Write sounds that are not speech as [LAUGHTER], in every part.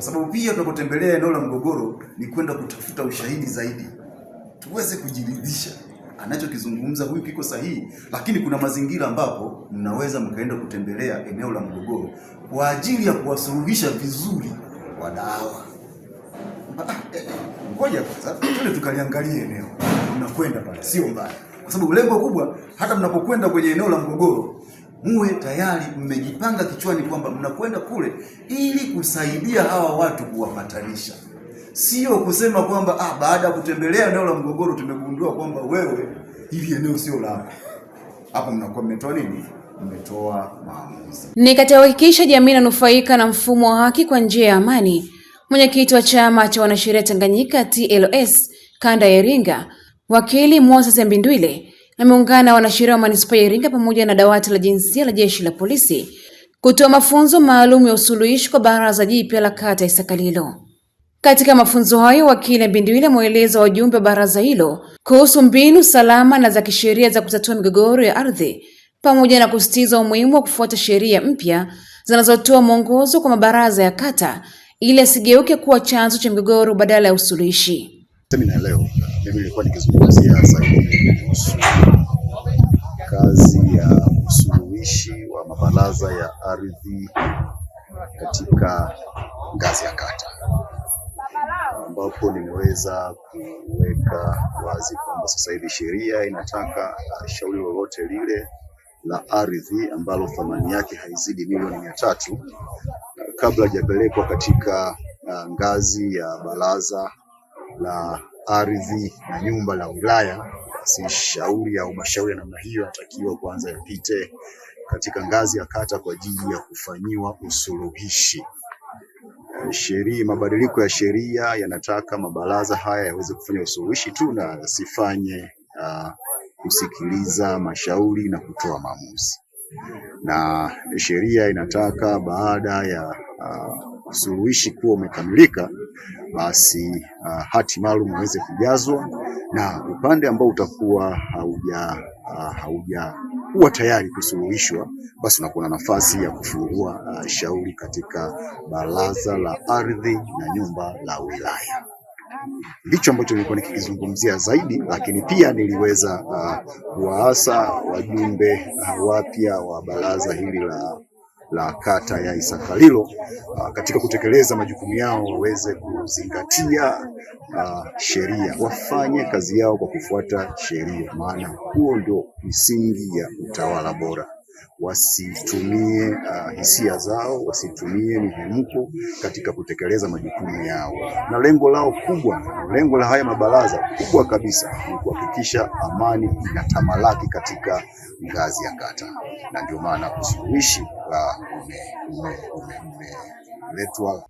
kwa sababu pia tunapotembelea eneo la mgogoro ni kwenda kutafuta ushahidi zaidi, tuweze kujiridhisha anachokizungumza huyu kiko sahihi, lakini kuna mazingira ambapo mnaweza mkaenda kutembelea eneo la mgogoro kwa ajili ya kuwasuluhisha vizuri wadawa. Ah, eh, eh, ngoja kwanza tule tukaliangalie eneo, mnakwenda pale sio mbaya, kwa sababu lengo kubwa, hata mnapokwenda kwenye eneo la mgogoro muwe tayari mmejipanga kichwani kwamba mnakwenda kule ili kusaidia hawa watu kuwapatanisha, sio kusema kwamba ah, baada ya kutembelea eneo la mgogoro tumegundua kwamba wewe, hili eneo sio lako. Hapo mnakuwa mmetoa nini? Mmetoa maamuzi. Ni katika kuhakikisha jamii inanufaika na mfumo wa haki kwa njia ya amani. Mwenyekiti wa chama cha wanasheria Tanganyika TLS kanda ya Iringa, wakili Moses Mbindwile ameungana wanasheria wa manispaa ya Iringa pamoja na dawati la jinsia la jeshi la polisi kutoa mafunzo maalum ya usuluhishi kwa baraza jipya la kata ya Isakalilo. Katika mafunzo hayo, wakili Mbindiwili ameeleza wajumbe wa baraza hilo kuhusu mbinu salama na za kisheria za kutatua migogoro ya ardhi pamoja na kusisitiza umuhimu wa kufuata sheria mpya zinazotoa mwongozo kwa mabaraza ya kata ili asigeuke kuwa chanzo cha migogoro badala ya usuluhishi. Semina leo mimi nilikuwa nikizungumzia zaidi kuhusu mabaraza ya ardhi katika ngazi ya kata, ambapo nimeweza kuweka wazi kwamba sasa hivi sheria inataka shauri lolote lile la ardhi ambalo thamani yake haizidi milioni mia tatu kabla hajapelekwa katika uh, ngazi ya baraza la ardhi na nyumba la wilaya, basi shauri au mashauri ya namna hiyo yanatakiwa kwanza yapite katika ngazi ya kata kwa ajili ya kufanyiwa usuluhishi. Eh, sheria, mabadiliko ya sheria yanataka mabaraza haya yaweze kufanya usuluhishi tu na yasifanye uh, kusikiliza mashauri na kutoa maamuzi. Na sheria inataka baada ya uh, usuluhishi kuwa umekamilika, basi uh, hati maalum iweze kujazwa na upande ambao utakuwa hauja uh, hauja huwa tayari kusuluhishwa, basi unakuwa na nafasi ya kufungua uh, shauri katika Baraza la Ardhi na Nyumba la Wilaya. Ndicho ambacho nilikuwa nikikizungumzia zaidi, lakini pia niliweza uh, kuwaasa wajumbe uh, wapya wa baraza hili la la kata ya Isakalilo uh, katika kutekeleza majukumu yao waweze kuzingatia uh, sheria, wafanye kazi yao kwa kufuata sheria, maana huo ndio misingi ya utawala bora. Wasitumie uh, hisia zao, wasitumie mihemko katika kutekeleza majukumu yao, na lengo lao kubwa, lengo la haya mabaraza kubwa kabisa ni kuhakikisha amani inatamalaki katika ngazi ya kata, na ndio maana usuluhishi umeletwa.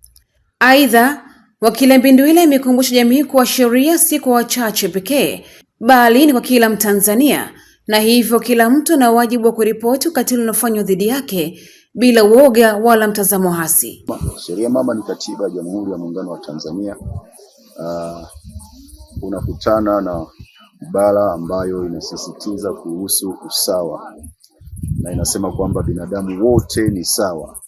Aidha, wakili Mbinduile imekumbusha jamii kuwa sheria si kwa wachache pekee, bali ni kwa kila Mtanzania, na hivyo kila mtu ana wajibu wa kuripoti ukatili unaofanywa dhidi yake bila uoga wala mtazamo hasi. Sheria mama ni katiba ya Jamhuri ya Muungano wa Tanzania. Uh, unakutana na ibara ambayo inasisitiza kuhusu usawa na inasema kwamba binadamu wote ni sawa,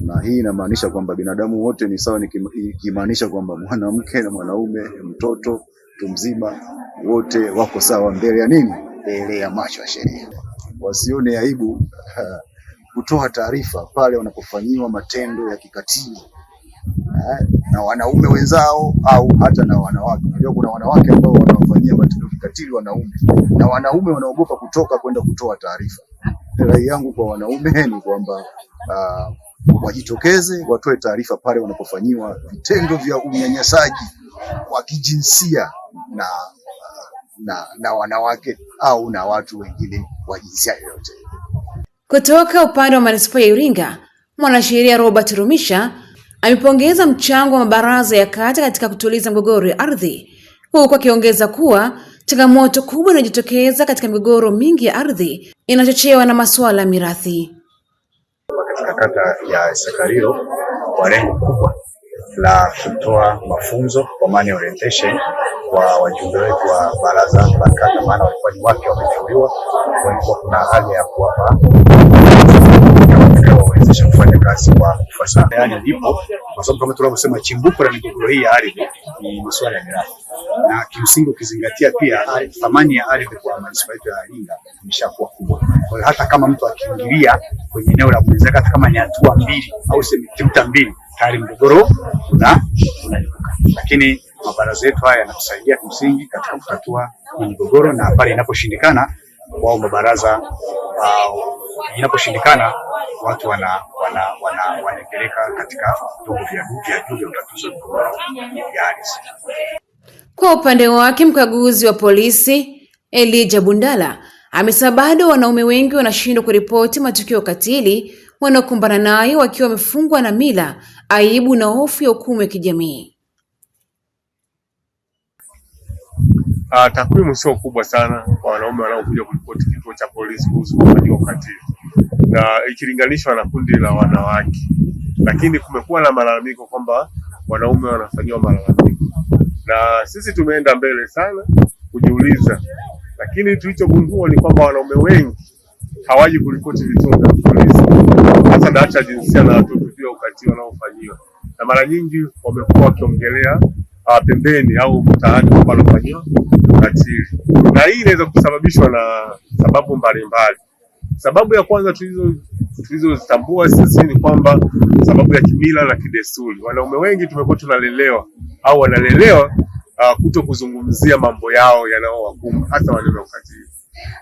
na hii inamaanisha kwamba binadamu wote ni sawa, ikimaanisha kwamba mwanamke na mwanaume, mtoto, mtu mzima, wote wako sawa mbele ya nini? Mbele ya macho ya sheria. Wasione aibu [LAUGHS] kutoa taarifa pale wanapofanyiwa matendo ya kikatili eh, na wanaume wenzao au hata na wanawake. Unajua kuna wanawake ambao wanawafanyia matendo ya kikatili wanaume, na wanaume wanaogopa kutoka kwenda kutoa taarifa rai yangu kwa wanaume ni kwamba uh, wajitokeze watoe taarifa pale wanapofanyiwa vitendo vya unyanyasaji wa kijinsia na, na, na wanawake au na watu wengine wa jinsia yoyote. Kutoka upande wa manispaa ya Iringa, mwanasheria Robert Rumisha amepongeza mchango wa mabaraza ya kata katika kutuliza mgogoro ya ardhi, huku akiongeza kuwa Changamoto kubwa inayojitokeza katika migogoro mingi ya ardhi inachochewa na masuala ya mirathi. Katika kata ya Sakarilo kwa lengo kubwa la kutoa mafunzo kwa money orientation kwa wajumbe wetu wa baraza la kata, maana walikuwa ni wake wameteuliwa, walikuwa kuna hali ya kuwapa kuwawezesha kufanya kazi kwa ufasaha. Yani ndipo kwa sababu kama tunavyosema chimbuko la migogoro hii ya ardhi ni masuala ya mirathi, na kimsingi ukizingatia pia thamani ya ardhi kwa manispaa yetu ya Iringa imeshakuwa kubwa. Kwa hiyo hata kama mtu akiingilia kwenye eneo la mwenzake, hata kama ni hatua mbili au sentimita mbili, tayari mgogoro unaibuka, lakini mabaraza yetu haya yanatusaidia kimsingi katika kutatua migogoro, na pale inaposhindikana wao mabaraza uh, inaposhindikana watu wana wana wanapeleka katika vyombo vya juu vya utatuzi wa migogoro ardhi. Kwa upande wake mkaguzi wa polisi Elijah Bundala amesema bado wanaume wengi wanashindwa kuripoti matukio katili wanaokumbana nayo wakiwa wamefungwa na mila, aibu na hofu ya hukumu ya kijamii. Uh, takwimu sio kubwa sana kwa wanaume wanaokuja kuripoti kituo cha polisi kuhusu kufanyiwa ukatili na ikilinganishwa na kundi la wanawake, lakini kumekuwa na malalamiko kwamba wanaume wanafanyiwa malalamiko, na sisi tumeenda mbele sana kujiuliza, lakini tulichogundua ni kwamba wanaume wengi hawaji kuripoti vituo vya polisi, hasa hata jinsia na watoto pia ukatili wanaofanyiwa, na mara nyingi wamekuwa wakiongelea uh, pembeni au mtaani kwamba anafanyiwa ukatili, na hii inaweza kusababishwa na sababu mbalimbali. Sababu ya kwanza tulizo tulizozitambua sisi ni kwamba sababu ya kimila na kidesturi, wanaume wengi tumekuwa tunalelewa au wanalelewa uh, kuto kuzungumzia mambo yao yanayowakumba hasa maneno ya ukatili,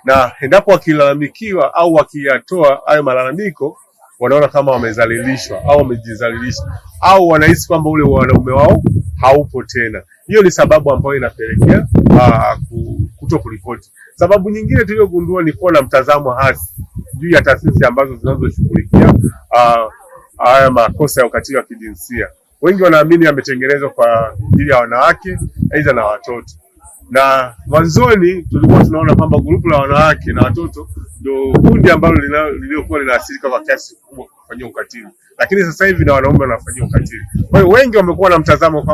na endapo wakilalamikiwa au wakiyatoa hayo malalamiko wanaona kama wamezalilishwa au wamejizalilisha au wanahisi kwamba ule wanaume wao haupo tena. Hiyo ni sababu ambayo inapelekea ah, kuto kuripoti. Sababu nyingine tuliyogundua ni kuwa na mtazamo hasi juu ya taasisi ambazo zinazoshughulikia ah, haya makosa ya ukatili wa kijinsia. Wengi wanaamini yametengenezwa kwa ajili ya wanawake aidha na watoto na mwanzoni tulikuwa tunaona kwamba grupu la wanawake na watoto ndio kundi ambalo liliokuwa linaathirika kwa kiasi kikubwa kufanyia ukatili, lakini sasa hivi na wanaume wanafanyia ukatili. Kwa hiyo wengi wamekuwa na mtazamo